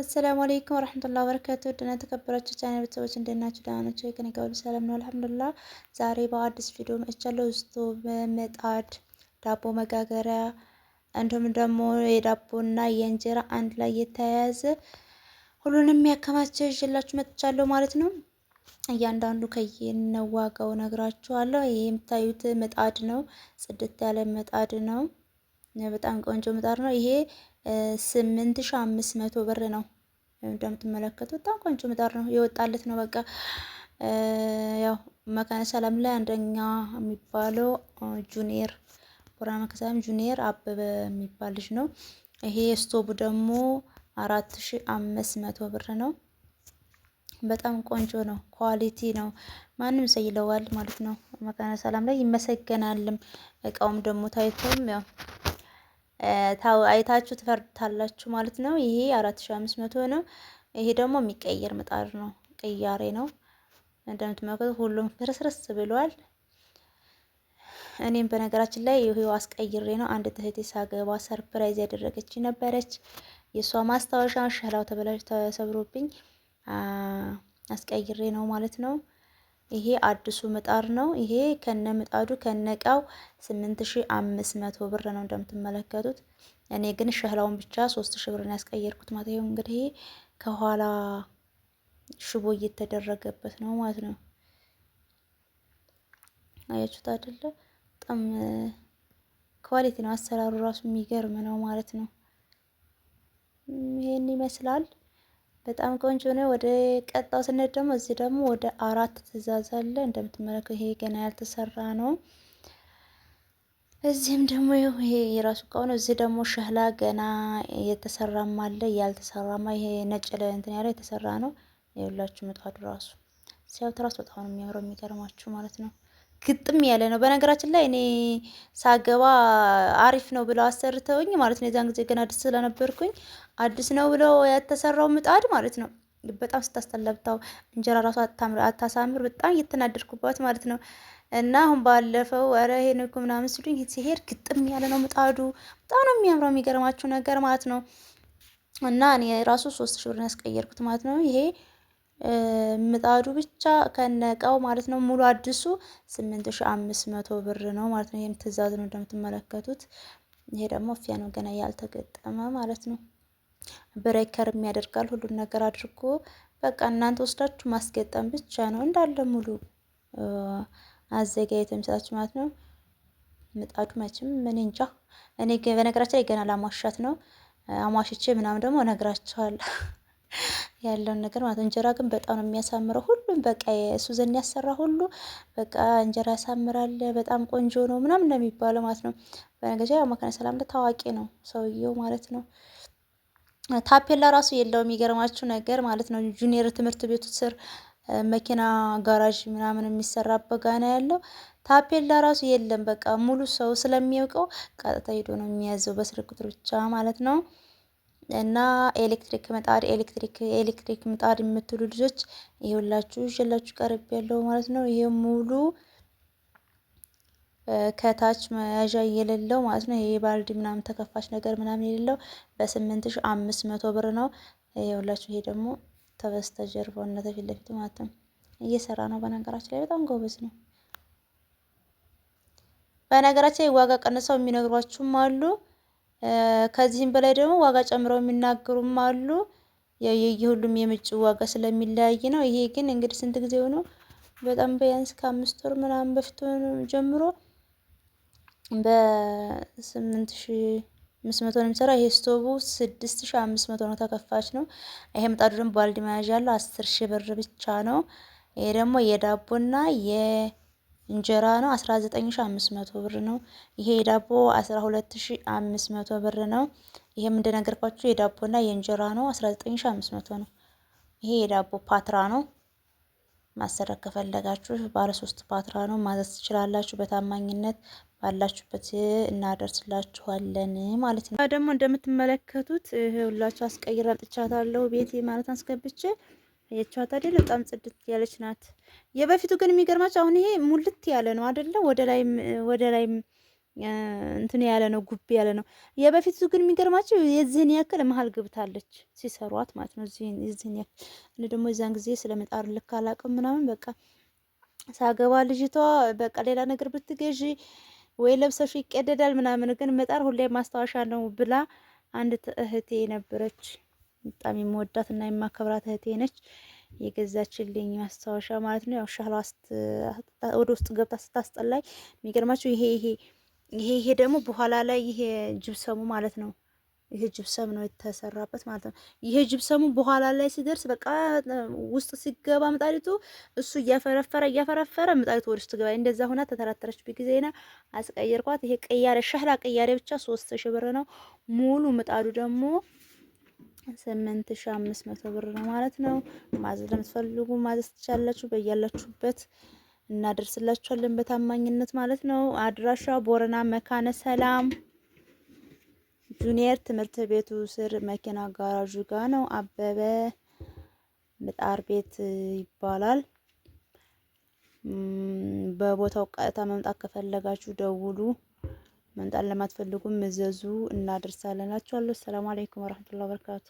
አሰላሙ አለይኩም ወረህመቱላሂ ወበረካቱ ድና የተከበራችሁ ቻናል ቤተሰቦች እንዴት ናችሁ? ደህና ናችሁ? የቀን ገበሉ ሰላም ነው አልሐምዱሊላህ። ዛሬ በአዲስ ቪዲዮ መጥቻለሁ። ስቶቭ፣ ምጣድ፣ ዳቦ መጋገሪያ እንዲሁም ደግሞ የዳቦና የእንጀራ አንድ ላይ የተያያዘ ሁሉንም ያከማቸ ይዤላችሁ መጥቻለሁ ማለት ነው። እያንዳንዱ ከየነዋጋው ነግራችኋለሁ። ይህ የምታዩት ምጣድ ነው፣ ጽድት ያለ ምጣድ ነው። በጣም ቆንጆ ምጣድ ነው ይሄ ስምንት ሺህ አምስት መቶ ብር ነው። እንደምትመለከቱ በጣም ቆንጆ ምጣድ ነው የወጣለት ነው። በቃ ያው መካነ ሰላም ላይ አንደኛ የሚባለው ጁኒየር ቡራ መካነ ሰላም ጁኒየር አበበ የሚባል ልጅ ነው። ይሄ ስቶቡ ደግሞ አራት ሺ አምስት መቶ ብር ነው። በጣም ቆንጆ ነው። ኳሊቲ ነው። ማንም ሰው ይለዋል ማለት ነው። መካነ ሰላም ላይ ይመሰገናልም። እቃውም ደግሞ ታይቶም ያው አይታችሁ ትፈርድታላችሁ ማለት ነው። ይሄ 4500 ነው። ይሄ ደግሞ የሚቀየር ምጣድ ነው፣ ቅያሬ ነው። እንደምትመለከቱት ሁሉም ፍርስርስ ብሏል። እኔም በነገራችን ላይ ይሄው አስቀይሬ ነው። አንድ እህቴ ሳገባ ሰርፕራይዝ ያደረገች ነበረች። የእሷ ማስታወሻ ሸላው ተበላሽ ተሰብሮብኝ አስቀይሬ ነው ማለት ነው። ይሄ አዲሱ ምጣድ ነው። ይሄ ከነ ምጣዱ ከነ እቃው 8500 ብር ነው እንደምትመለከቱት። እኔ ግን ሸህላውን ብቻ 3000 ብር ነው ያስቀየርኩት ማለት ነው። እንግዲህ ከኋላ ሽቦ እየተደረገበት ነው ማለት ነው። አያችሁት አይደለ? በጣም ኳሊቲ ነው አሰራሩ ራሱ የሚገርም ነው ማለት ነው። ይሄን ይመስላል። በጣም ቆንጆ ነው። ወደ ቀጣው ስንሄድ ደግሞ እዚህ ደግሞ ወደ አራት ትእዛዝ አለ። እንደምትመለከቱ ይሄ ገና ያልተሰራ ነው። እዚህም ደግሞ ይሄ የራሱ እቃ ነው። እዚህ ደግሞ ሸህላ ገና የተሰራም አለ ያልተሰራማ። ይሄ ነጭ ላይ እንትን ያለ የተሰራ ነው። የሁላችሁ ምጣዱ ራሱ ሲያዩት ራሱ በጣም ነው የሚያምረው የሚገርማችሁ ማለት ነው። ግጥም ያለ ነው። በነገራችን ላይ እኔ ሳገባ አሪፍ ነው ብለው አሰርተውኝ ማለት ነው። የዛን ጊዜ ግን አዲስ ስለነበርኩኝ አዲስ ነው ብለው ያተሰራው ምጣድ ማለት ነው። በጣም ስታስተለብታው እንጀራ ራሱ አታሳምር፣ በጣም እየተናደድኩባት ማለት ነው። እና አሁን ባለፈው ረ ይሄን እኮ ምናምን ሲሉኝ ሲሄድ ግጥም ያለ ነው ምጣዱ። በጣም ነው የሚያምረው የሚገርማችሁ ነገር ማለት ነው። እና እኔ ራሱ ሶስት ሽብርን ብር ያስቀየርኩት ማለት ነው ይሄ ምጣዱ ብቻ ከነቃው ማለት ነው ሙሉ አዲሱ 8500 ብር ነው ማለት ነው። ይህም ትዕዛዝ ነው እንደምትመለከቱት። ይሄ ደግሞ ፊያ ነው ገና ያልተገጠመ ማለት ነው። ብሬከርም ያደርጋል ሁሉን ነገር አድርጎ በቃ እናንተ ወስዳችሁ ማስገጠም ብቻ ነው። እንዳለ ሙሉ አዘጋጅተው የሚሰጣችሁ ማለት ነው። ምጣዱ መቼም ምን እንጃ እኔ በነገራችን ላይ ገና ላሟሻት ነው። አሟሽቼ ምናምን ደግሞ እነግራችኋለሁ። ያለውን ነገር ማለት እንጀራ ግን በጣም ነው የሚያሳምረው። ሁሉም በቃ እሱ ዘንድ ያሰራ ሁሉ በቃ እንጀራ ያሳምራል፣ በጣም ቆንጆ ነው ምናምን ነው የሚባለው ማለት ነው። በነገጃ ያው መካነ ሰላም ላይ ታዋቂ ነው ሰውየው ማለት ነው። ታፔላ ራሱ የለው የሚገርማችሁ ነገር ማለት ነው። ጁኒየር ትምህርት ቤቱ ስር መኪና ጋራዥ ምናምን የሚሰራበት ጋና ያለው ታፔላ ራሱ የለም። በቃ ሙሉ ሰው ስለሚያውቀው ቀጥታ ሄዶ ነው የሚያዘው በስልክ ቁጥር ብቻ ማለት ነው። እና ኤሌክትሪክ ምጣድ ኤሌክትሪክ ኤሌክትሪክ ምጣድ የምትሉ ልጆች ይሄውላችሁ ይዤላችሁ ቀርብ ያለው ማለት ነው። ይሄ ሙሉ ከታች መያዣ የሌለው ማለት ነው። ይሄ ባልዲ ምናምን ተከፋች ነገር ምናምን የሌለው በ 8500 መቶ ብር ነው። ይሄውላችሁ ይሄ ደግሞ ተበስተጀርባው እና ተፊት ለፊት ማለት ነው እየሰራ ነው። በነገራችን ላይ በጣም ጎበዝ ነው። በነገራችን ላይ ዋጋ ቀንሰው የሚነግሯችሁም አሉ። ከዚህም በላይ ደግሞ ዋጋ ጨምረው የሚናገሩም አሉ። የሁሉም የምጭ ዋጋ ስለሚለያይ ነው። ይሄ ግን እንግዲህ ስንት ጊዜ ሆኖ በጣም ቢያንስ ከአምስት ወር ምናምን በፊት ጀምሮ በስምንት ሺ አምስት መቶ ነው የሚሰራ። ይሄ ስቶቡ ስድስት ሺ አምስት መቶ ነው ተከፋች ነው። ይሄ ምጣዱ ደግሞ ባልዲ መያዣ ያለው አስር ሺ ብር ብቻ ነው። ይሄ ደግሞ የዳቦና የ እንጀራ ነው 19500 ብር ነው። ይሄ የዳቦ 12500 ብር ነው። ይሄም እንደነገርኳችሁ የዳቦና የእንጀራ ነው 19500 ነው። ይሄ የዳቦ ፓትራ ነው። ማሰራት ከፈለጋችሁ ባለ ሶስት ፓትራ ነው ማዘዝ ትችላላችሁ። በታማኝነት ባላችሁበት እናደርስላችኋለን ማለት ነው። ደግሞ እንደምትመለከቱት ሁላችሁ አስቀይራ ጥቻታለሁ ቤት ማለት አስገብቼ አያችኋት አይደል? በጣም ጽድት ያለች ናት። የበፊቱ ግን የሚገርማችሁ አሁን ይሄ ሙልት ያለ ነው አይደለ? ወደ ላይ ወደ ላይ እንትን ያለ ነው፣ ጉብ ያለ ነው። የበፊቱ ግን የሚገርማችሁ የዚህን ያክል መሀል ግብታለች ሲሰሯት ማለት ነው። እዚህን እዚህን ያክል እኔ ደግሞ የዛን ጊዜ ስለመጣር ልክ አላውቅም ምናምን በቃ ሳገባ ልጅቷ በቃ ሌላ ነገር ብትገዢ ወይ ለብሰሽ ይቀደዳል ምናምን፣ ግን መጣር ሁሌ ማስታወሻ ነው ብላ አንድ እህቴ ነበረች። በጣም የምወዳት እና የማከብራት እህቴ ነች። የገዛችልኝ ማስታወሻ ማለት ነው። ያው ሻሏ ወደ ውስጥ ገብታ ስታስጠላኝ የሚገርማቸው ይሄ ይሄ ይሄ ይሄ ደግሞ በኋላ ላይ ይሄ ጅብሰሙ ማለት ነው። ይሄ ጅብሰም ነው የተሰራበት ማለት ነው። ይሄ ጅብሰሙ በኋላ ላይ ሲደርስ በቃ ውስጥ ሲገባ ምጣሪቱ እሱ እያፈረፈረ እያፈረፈረ ምጣሪቱ ወደ ውስጥ ገባ። እንደዛ ሁና ተተራተረችብኝ ጊዜና አስቀየርኳት። ይሄ ቅያሬ ሻህላ ቅያሬ ብቻ ሶስት ሺህ ብር ነው ሙሉ ምጣዱ ደግሞ ስምንት ሺ አምስት መቶ ብር ነው ማለት ነው። ማዘዝ ለምትፈልጉ ማዘዝ ትችላላችሁ። በያላችሁበት እናደርስላችኋለን በታማኝነት ማለት ነው። አድራሻ ቦረና መካነ ሰላም ጁኒየር ትምህርት ቤቱ ስር መኪና ጋራዡ ጋ ነው። አበበ ምጣር ቤት ይባላል። በቦታው ቀጥታ መምጣት ከፈለጋችሁ ደውሉ። መንጣን ለማትፈልጉም እዘዙ፣ እናደርሳለን። ሰላም አለይኩም ወረህመቱላሂ ወበረካቱ